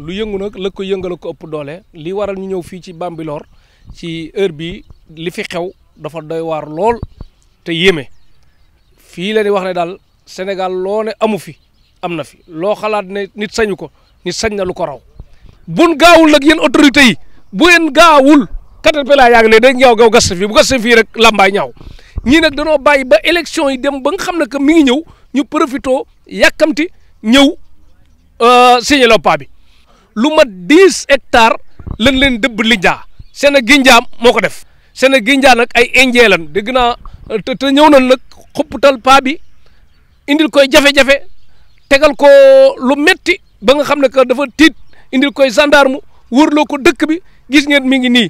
lu yëngu nag la ko yëngal ko ëpp doole li waral ñu ñëw fii ci Bambilor ci heure bi li fi xew dafa doy waar lool te yéeme fii la di wax ne daal Sénégal loo ne amu fi am na fi loo xalaat ne nit sañu ko nit sañ na lu ko raw bun gaawul nag yéen autorités yi bu yen gaawul caterpillar yaa ngi ne day ñaaw gaw gas fii bu gas fii rek lambaay ñaaw ñii nag danoo bàyyi ba élection yi dem ba nga xam ne que mi ngi ñëw ñu profité yàkkamti ñëw euh, signé loppa bi lu mat dix hectares lañ leen dëbb linjaa seen a moo ko def seen a nag ay indien lan dégg naa te te ñëw nañ nag xupputal paa bi indil koy jafe-jafe tegal ko lu metti ba nga xam ne que dafa tiit indil koy gendarme loo ko dëkk bi gis ngeen mi ngi nii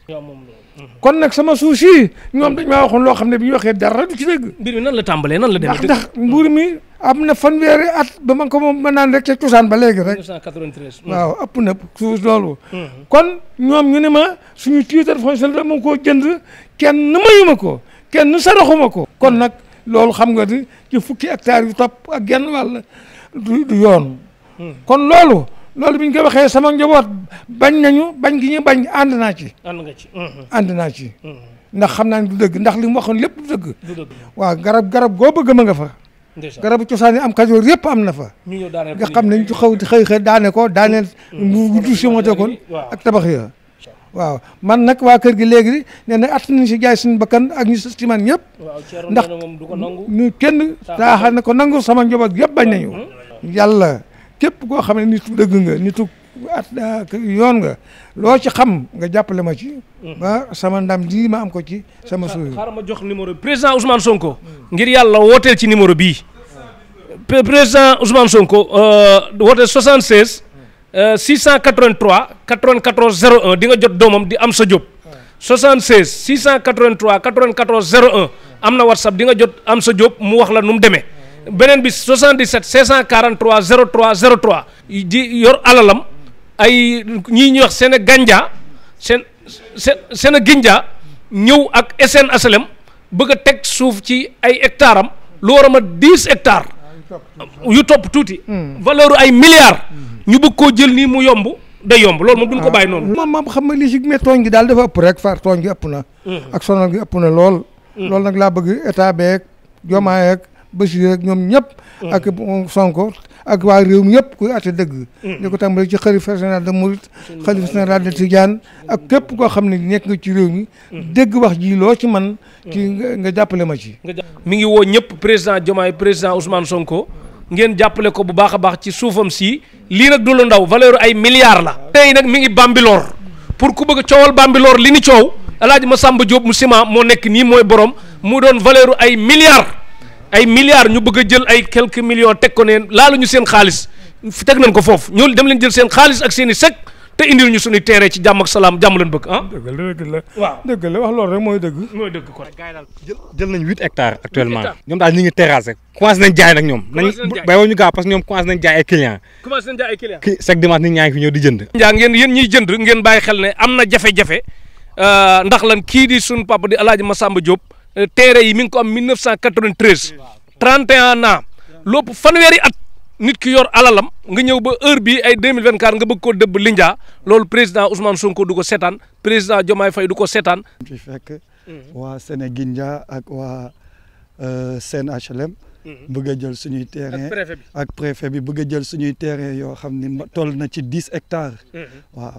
kon nag sama suuf si ñoom dañ maa waxoon loo xam ne bi ñu waxee dara du ci dëgg. mbir mi nan la la demee ndax mi am na fanweeri at ba man ko moom mën naan rek ca cosaan ba léegi rek. 1993. Hmm. waaw ëpp na suuf loolu. Hmm. kon ñoom ñu ne ma suñu titre foncier la ma ko jënd kenn ma ko kenn saraxuma ko. kon nag lool xam nga di ki fukki hectares yu topp ak genn wàll du du yoon. Hmm. kon loolu. loolu bi ñu ko waxee sama njaboot bañ nañu bañ gi ñu bañ ànd naa ci. ànd nga ci. ànd naa ndax xam naa ne du dëgg ndax li mu waxoon lépp du dëgg. du dëgg waaw garab garab goo bëgg ma nga fa. garabu cosaan yi am kajoor yëpp am na fa. nga xam ne ñu ci xaw xëy xëy daane ko daane. mu du simote kon ak tabax ya waaw man nag waa kër gi léegi nee na at nañ si jaay suñu bakkan ak ñu si si man ñëpp. ndax ñu kenn. saaxal na ko nangu sama njaboot yëpp bañ nañu yàlla képp koo xam ne nitu dëgg nga nitu at yoon nga loo ci xam nga jàppale ma ci. Mm. ba sama ndam lii ma am ko ci sama. suy xaaral ma jox numéro président Ousmane Sonko. ngir yàlla wooteel ci numéro bii. président Ousmane Sonko euh, woote 76. 683 94 01 di nga jot doomam di am sa Diop 76 683 94 01 am na WhatsApp di nga jot am sa Diop mu wax la nu mu demee. beneen bi 77 543 03 03 di yor alalam ay ñii ñuy wax seen ganja seen seen seen ginja ñëw ak SN HLM bëgg a teg suuf ci ay hectares am lu war a ma 10 hectares yu topp tuuti hmm. valeur ay milliards ñu bëgg koo jël nii mu yomb de yomb loolu moom duñ ko ah. bàyyi noonu moom moom xam nga lii si mais tooñ gi daal dafa ëpp rek far tooñ gi ëpp na hmm. ak sonal gi ëpp na lool hmm. loolu nag laa bëgg état beeg jomaa yeeg Bachir ak ñoom ñëpp. Mm. ak Sonko ak waa réew mi yëpp kuy atte dëgg. Mm. di ko tàmbale ci xalifa général de Mouride. xalifa général de Tidiane ak képp koo xam ne nekk nga ci réew mi. Mm. dégg wax jii loo ci man ci nga jàppale ma ci. mi ngi woo ñëpp président Diomaye président Ousmane Sonko. ngeen jàppale ko bu baax a baax ci suufam si lii nag du lu ndaw valeur ay milliards la. tey nag mi ngi Bambilor pour ku bëgg coowal Bambilor li ni coow El ma Massamba Diop mu ciment moo nekk nii mooy borom mu doon valeur ay milliards. ay milliards ñu bëgg a jël ay quelques millions teg ko ne laaluñu seen xaalis teg nañ ko foofu ñoo dem leen jël seen xaalis ak seen i sec te indil ñu suñuy teere ci jàmm ak salaam jàmm leen bëgg ah. loolu rek mooy dëgg. mooy dëgg kon jël jël nañ huit hectares actuellement. ñoom daal ñu ngi terrassé. commencé nañ jaay nag ñoom. commencé nañ jaay bay ñu gaaw parce que ñoom commencé nañ jaay ay clients. commencé nañ ñaa ngi fi ñëw di jënd. njaa ngeen yéen ñiy jënd ngeen bàyyi xel ne am na jafe-jafe euh, ndax lan kii di suñu papa di El Hadj Massamba Diop Euh, téere yi mi ngi ko am 1993 31 ans lépp fanweeri at nit ki yor alalam nga ñëw ba heure bii ay 2024 nga bëgg koo dëbb linja loolu président Ousmane Sonko du ko seetaan président joma Faye du ko seetaan. fi fekk waa Sénégindia ak waa euh, Sen HLM. Mhm. bëgg jël suñuy terrain ak préfet bi bëgg a jël suñuy terrain yoo xam ne toll na ci dix hectares. Mhm. waaw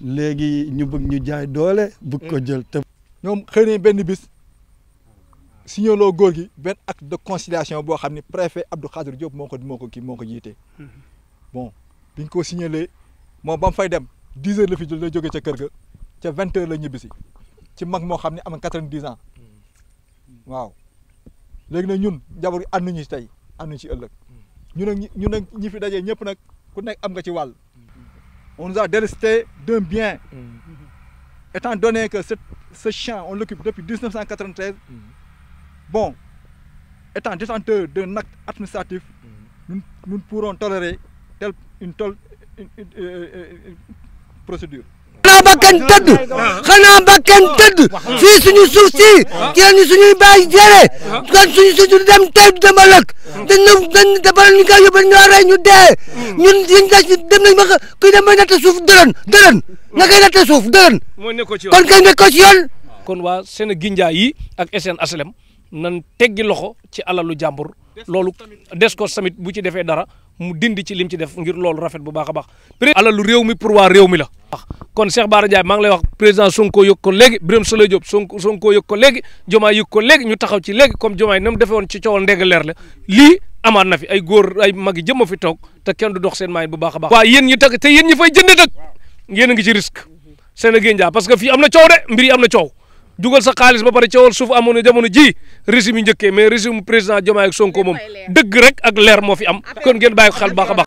léegi ñu bëgg ñu jaay doole. bëgg ko mhm. jël tëb. ñoom xëy benn bis. signaloo góor gi benn acte de conciliation boo xam ne préfet Abdou Khadir joob moo ko moo ko kii moo ko jiite. Mm-hmm. bon bi ñu ko signalee moom ba mu fay dem dix heures la fi la jógee ca kër ga ca vingt heures la ñibbisi ci mag moo xam ne am na quatre-vingt-dix ans mm-hmm. waaw léegi nag ñun njaboot gi ànd ñu tey ànd ñu ci ëllëg ñu nag ñu nag ñi fi dajee ñëpp nag ku nekk am nga ci wàll. Mm-hmm. on nous a délesté d'un bien. étant donné que ce ce champ on l'occupe depuis dix neuf cent quatre-vingt-treize bon étant détenteur d'un acte administratif mm-hmm. nous nous pourrons tolérer telle une telle euh, euh, procédure. xanaa ba kenn ah, tëdd ah, ah. xanaa ba kenn tëdd fii kon dañ ne dañ ne dafa ñu koy yóbbu ñu rey ñu mm. dem nañ ba kuy dem ba natt suuf dërën dërën mm. nga koy natt suuf dërën kon kay nekkoo ci yoon. kon waa Sénégindia yi ak SN HLM. nan teggi loxo ci alalu jàmbur loolu Descos tamit bu ci defee dara mu dindi ci lim ci def ngir loolu rafet bu baax a baax. alalu réew mi pour waa réew mi la. kon Cheikh Bara Ndiaye maa ngi lay wax président Sonko yëg ko léegi Birame Souleye Diop Sonko Sonko yëg ko léegi Diomaye yëg ko léegi ñu taxaw ci léegi comme Diomaye na mu defee woon ci coowal ndeg leer la lii amaat na fi ay góor ay mag yi fi toog te kenn du dox seen maay bu baax a baax. waaw yéen ñi tag te yéen jënd nag ngi ci risque Sénégal parce que fii am na coow de yi am na coow dugal sa xaalis ba pare coowal suuf amoon na jamono ji régime yi njëkkee mais régime président Diomaye ak Sonko moom dëgg rek ak leer moo fi am kon ngeen bàyyi ko xel baax a